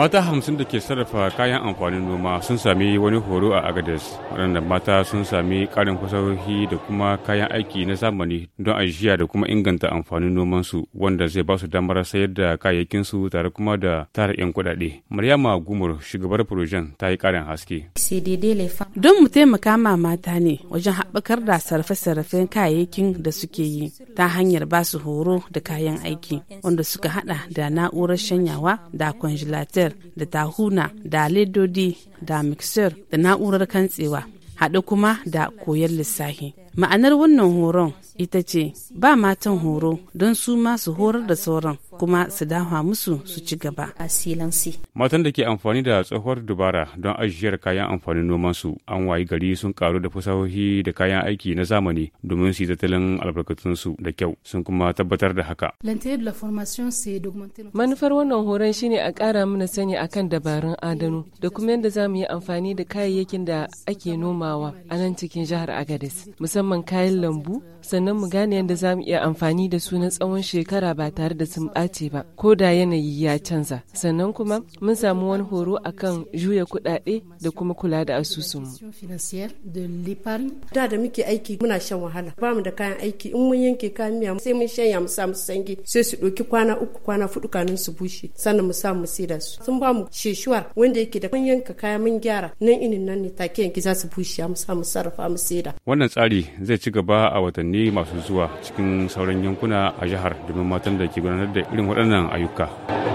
mata hamsin da ke sarrafa kayan amfanin noma sun sami wani horo a agades waɗanda mata sun sami ƙarin fasahohi da kuma kayan aiki na zamani don ajiya da kuma inganta amfanin nomansu wanda zai ba su damar sayar da kayayyakin su tare kuma da tara 'yan kuɗaɗe maryama gumur shugabar projen ta yi ƙarin haske don mu taimaka ma mata ne wajen haɓakar da sarrafe-sarrafen kayayyakin da suke yi ta hanyar ba su horo da kayan aiki wanda suka haɗa da na'urar shanyawa da kwanjilatar blender da tahuna da ledodi da mixer da na'urar kantsewa haɗe kuma da koyar lissafi Ma'anar wannan horon ita ce ba matan horo don su ma su horar da sauran kuma su dawa musu su ci gaba. Matan da ke amfani da tsohuwar dubara don ajiyar kayan amfanin su an wayi gari sun karu da fasahohi da kayan aiki na zamani domin su yi tattalin albarkatunsu da kyau sun kuma tabbatar da haka. Manufar wannan horon shine a kara mana sani akan dabarun adanu da kuma yadda za mu yi amfani da kayayyakin da ake nomawa a nan cikin jihar Agadez musamman musamman kayan lambu sannan mu gane yadda za mu iya amfani da su na tsawon shekara ba tare da sun ɓace ba ko da yanayi ya canza sannan kuma mun samu wani horo akan juya kuɗaɗe da kuma kula da asusunmu. da da muke aiki muna shan wahala ba mu da kayan aiki in mun yanke kayan miya sai mun shanya mu sa musu sange sai su ɗauki kwana uku kwana fudu kanin su bushe sannan mu sa mu saida su sun ba mu sheshuwar wanda yake da mun yanka kaya mun gyara nan inin nan ne take yanki za su bushe mu sa mu sarrafa mu saida. wannan tsari zai ci gaba a watanni masu zuwa cikin sauran yankuna a jihar domin matan da ke gudanar da irin waɗannan ayyuka.